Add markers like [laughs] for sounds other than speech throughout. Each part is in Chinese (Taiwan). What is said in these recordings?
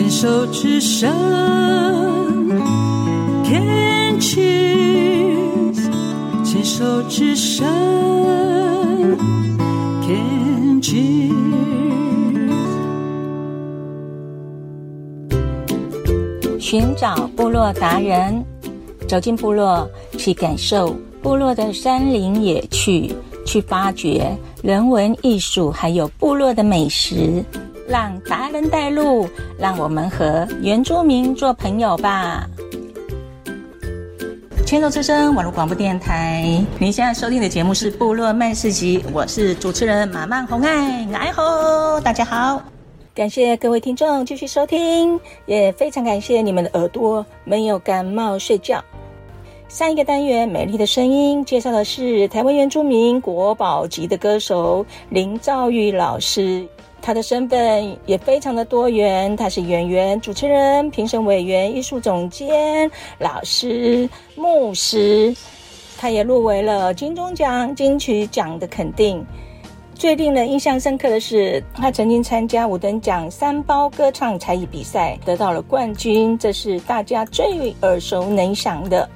牽手之聲牽 a 牽手之聲 c a 尋找部落達人，走進部落，去感受部落的山林野趣，去發掘人文藝術，還有部落的美食。讓達人帶路，讓我們和原住民做朋友吧。牽手之聲網絡廣播電台，您現在收聽的節目是《部落漫市集》，我是主持人馬曼紅愛來吼，大家好，感謝各位聽眾繼續收聽，也非常感謝你們的耳朵沒有感冒睡覺。上一個單元《美麗的聲音》介紹的是台灣原住民國寶級的歌手林照玉老師，他的身份也非常的多元，他是演員、主持人、評審委員、藝術總監、老師、牧師，他也入圍了金鐘獎、金曲獎的肯定。最令人印象深刻的是，他曾經參加五燈獎三包歌唱才藝比賽，得到了冠軍，這是大家最耳熟能詳的。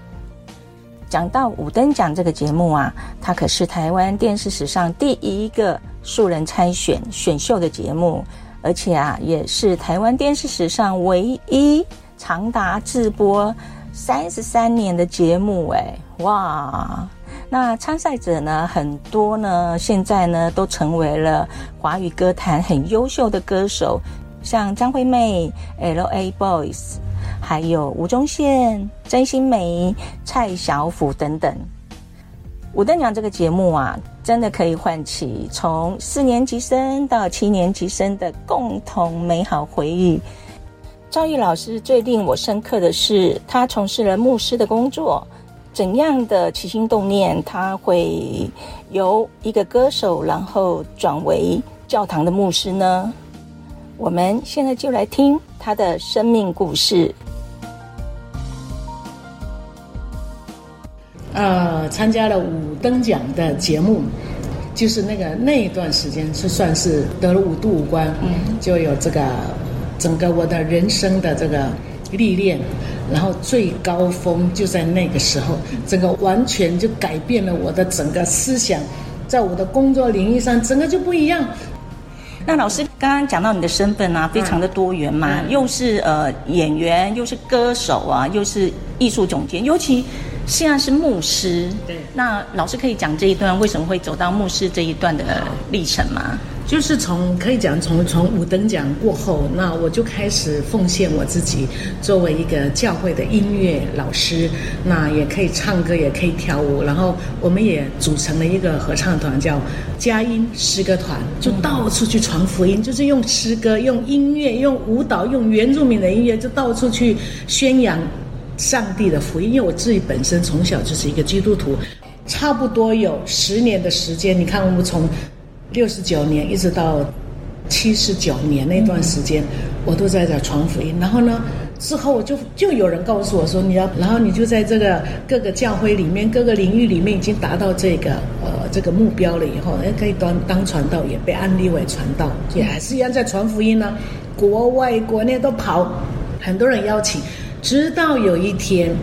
講到五燈獎這個節目啊，它可是台灣電視史上第一個素人參選選秀的節目，而且啊，也是台灣電視史上唯一長達直播三十三年的節目。哎，哇！那參賽者呢，很多呢，現在呢都成為了華語歌壇很優秀的歌手，像張惠妹、L.A. Boys。還有吳宗憲、曾心梅、蔡小虎等等，《五燈獎》這個節目啊，真的可以喚起從四年級生到七年級生的共同美好回憶。照玉老師最令我深刻的是，他從事了牧師的工作，怎樣的起心動念，他會由一個歌手，然後轉為教堂的牧師呢？我們現在就來聽他的生命故事。呃，參加了五燈獎的節目，就是那個那一段時間是算是得了五度五關，嗯、哼就有這個整個我的人生的這個歷練，然後最高峰就在那個時候，整個完全就改變了我的整個思想，在我的工作領域上整個就不一樣。那老師剛剛講到你的身份啊，非常的多元嘛，嗯、又是呃演員，又是歌手啊，又是藝術總監，尤其。現在是牧師，對。那老師可以講這一段為什麼會走到牧師這一段的歷程嗎？就是從可以講從從五燈獎過後，那我就開始奉獻我自己，作為一個教會的音樂老師，那也可以唱歌，也可以跳舞，然後我們也組成了一個合唱團，叫佳音詩歌團，就到處去傳福音，嗯、就是用詩歌、用音樂、用舞蹈、用原住民的音樂，就到處去宣揚。上帝的福音，因為我自己本身從小就是一個基督徒，差不多有十年的時間。你看，我們從六十九年一直到七十九年那段時間，我都在這傳福音。然後呢，之後我就就有人告訴我說：“你要……然後你就在這個各個教會裡面、各個領域裡面已經達到這個呃這個目標了以後，也可以當當傳道，也被按立為傳道，也還是一樣在傳福音呢、啊。國外國內都跑，很多人邀請。”直到有一天，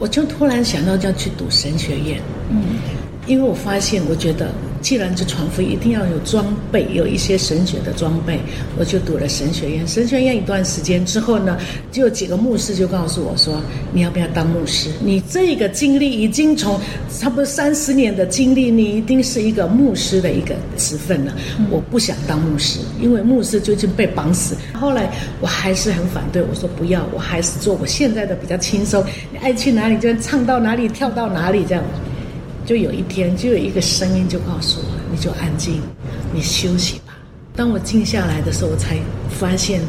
我就突然想到要去讀神學院，嗯，因為我發現，我覺得。既然做傳福音一定要有裝備，有一些神學的裝備，我就讀了神學院。神學院一段時間之後呢，就有幾個牧師就告訴我說：“你要不要當牧師？你這個經歷已經從差不多三十年的經歷，你一定是一個牧師的一個身份了。”我不想當牧師，因為牧師最近被綁死。後來我還是很反對，我說不要，我還是做我現在的比較輕鬆，你愛去哪裡就唱到哪裡，跳到哪裡這樣。就有一天，就有一個聲音就告訴我：“你就安靜，你休息吧。”當我靜下來的時候，我才發現，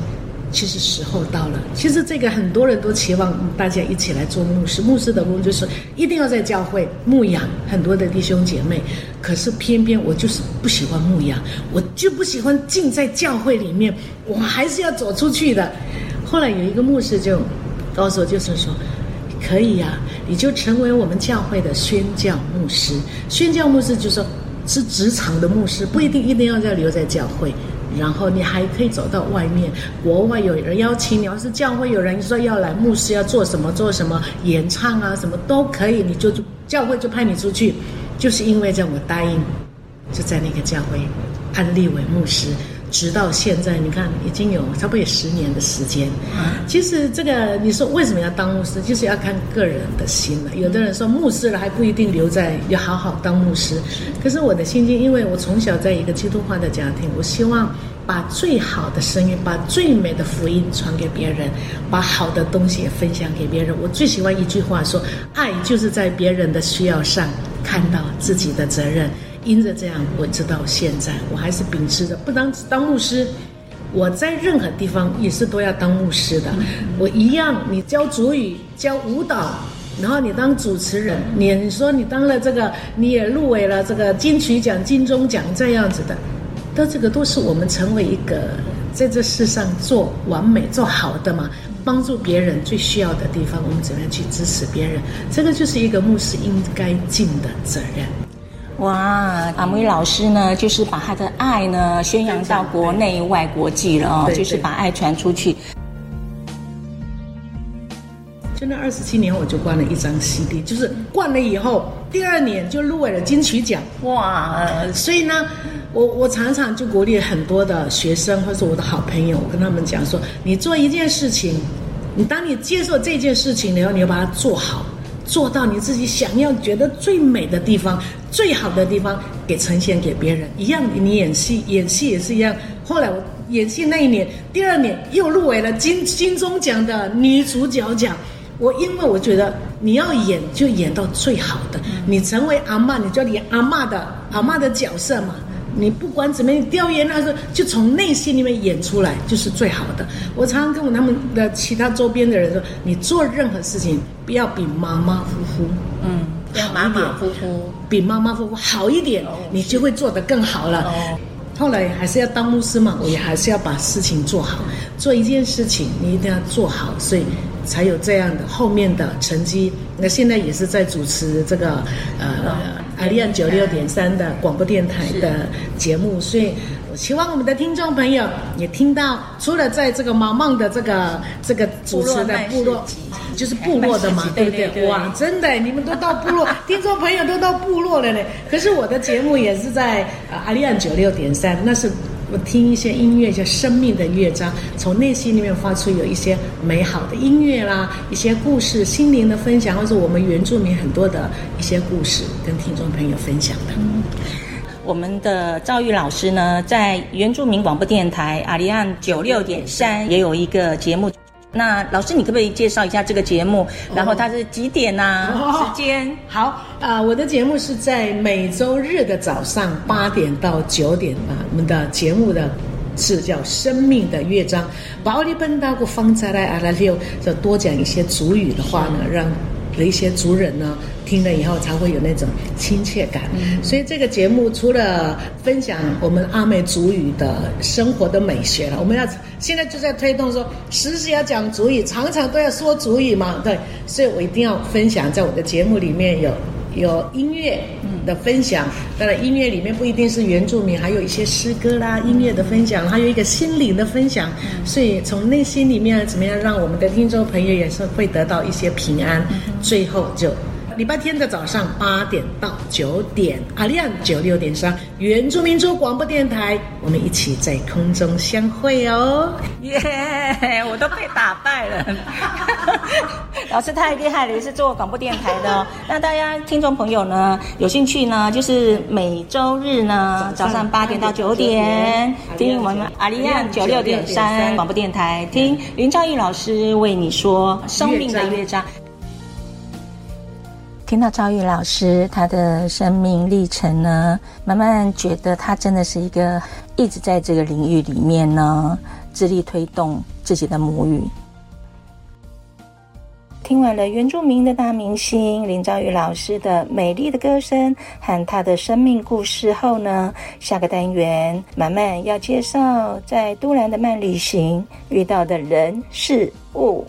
其實時候到了。其實這個很多人都期望大家一起來做牧師，牧師的工作就是說，一定要在教會牧養很多的弟兄姐妹。可是偏偏我就是不喜歡牧養，我就不喜歡靜在教會裡面，我還是要走出去的。後來有一個牧師就告訴我，就是說。可以呀，啊，你就成為我們教會的宣教牧師。宣教牧師就是說，是職場的牧師，不一定一定要要留在教會。然後你還可以走到外面，國外有人邀請你。要是教會有人說要來，牧師要做什麼做什麼，演唱啊什麼都可以，你就教會就派你出去。就是因為這樣，我答應就在那個教會按立為牧師。直到現在，你看已經有差不多有十年的時間。其實這個你說為什麼要當牧師，就是要看個人的心了。有的人說牧師了還不一定留在要好好當牧師，可是我的心境，因為我從小在一個基督化的家庭，我希望把最好的聲音、把最美的福音傳給別人，把好的東西也分享給別人。我最喜歡一句話說：“愛就是在別人的需要上看到自己的責任。”因着這樣，我直到現在我還是秉持着，不當當牧師，我在任何地方也是都要當牧師的。我一樣，你教主語，教舞蹈，然後你當主持人，你你說你當了這個，你也入圍了這個金曲獎、金鐘獎這樣子的，但這個都是我們成為一個在這世上做完美、做好的嘛，幫助別人最需要的地方，我們怎麼樣去支持別人？這個就是一個牧師應該盡的責任。哇，阿美老師呢，就是把他的愛呢宣揚到國內外國際了，就是把愛傳出去。就那二十七年，我就灌了一張 CD，就是灌了以後，第二年就入圍了金曲獎。哇，所以呢，我我常常就鼓勵很多的學生，或是我的好朋友，我跟他們講說：你做一件事情，你當你接受這件事情，然後你要把它做好。做到你自己想要覺得最美的地方，最好的地方給呈現給別人一樣。你演戲，演戲也是一樣。後來我演戲那一年，第二年又入圍了金金鐘獎的女主角獎。我因為我覺得你要演就演到最好的，你成為阿嬤，你就演阿嬤的阿嬤的角色嘛。你不管怎麼樣，你調研他說，就從內心裡面演出來就是最好的。我常常跟我他們的其他周邊的人說，你做任何事情不要比馬馬虎虎，嗯，要馬馬虎虎，比馬馬虎虎好一點，哦、你就會做得更好了。哦、後來還是要當牧師嘛，我也還是要把事情做好，做一件事情你一定要做好，所以才有這樣的後面的成績。那現在也是在主持這個，呃。嗯阿利安九六點三的廣播電台的節目，是所以我希望我們的聽眾朋友也聽到。除了在這個毛茫的這個是這個主持的部落、哦，就是部落的嘛，對不對？對對對，哇，真的，你們都到部落， [laughs] 聽眾朋友都到部落了嘞。可是我的節目也是在、呃、阿利安九六點三，那是。我聽一些音樂，叫《生命的樂章》，從內心裡面發出有一些美好的音樂啦，一些故事、心靈的分享，或者我們原住民很多的一些故事，跟聽眾朋友分享的。嗯，我們的照玉老師呢，在原住民廣播電台 Alian 九六點三也有一個節目。那老師，你可不可以介紹一下這個節目？哦、然後它是幾點啊？哦、時間？好，啊、呃，我的節目是在每周日的早上八點到九點啊。我們的節目的是叫《生命的樂章》，把阿利奔達古放在了阿拉六就多講一些族語的話呢，讓。有一些族人呢，聽了以後才會有那種親切感。嗯嗯，所以這個節目除了分享我們阿美族語的生活的美學了，我們要現在就在推動說，時時要講族語，常常都要說族語嘛。對，所以我一定要分享在我的節目裡面有。有音樂的分享，當然音樂裡面不一定是原住民，還有一些詩歌啦、音樂的分享，還有一個心靈的分享，所以從內心裡面怎麼樣讓我們的聽眾朋友也是會得到一些平安，最後就。禮拜天的早上八點到九點，Alian 96.3，原住民族廣播電台，我們一起在空中相會哦。耶，yeah, 我都被打敗了。 [laughs] [laughs] 老師太厲害了，也是做廣播電台的。 [laughs] 那大家聽眾朋友呢，有興趣呢，就是每周日呢，早上八點到九點，點點聽我們 Alian 96.3廣播電台，聽林照玉老師為你說生命的樂章。聽到照玉老師他的生命歷程呢，慢慢覺得他真的是一個一直在這個領域裡面呢，致力推動自己的母語。聽完了原住民的大明星林照玉老師的美麗的歌聲和他的生命故事後呢，下個單元慢慢要介紹在都蘭的慢旅行遇到的人事物。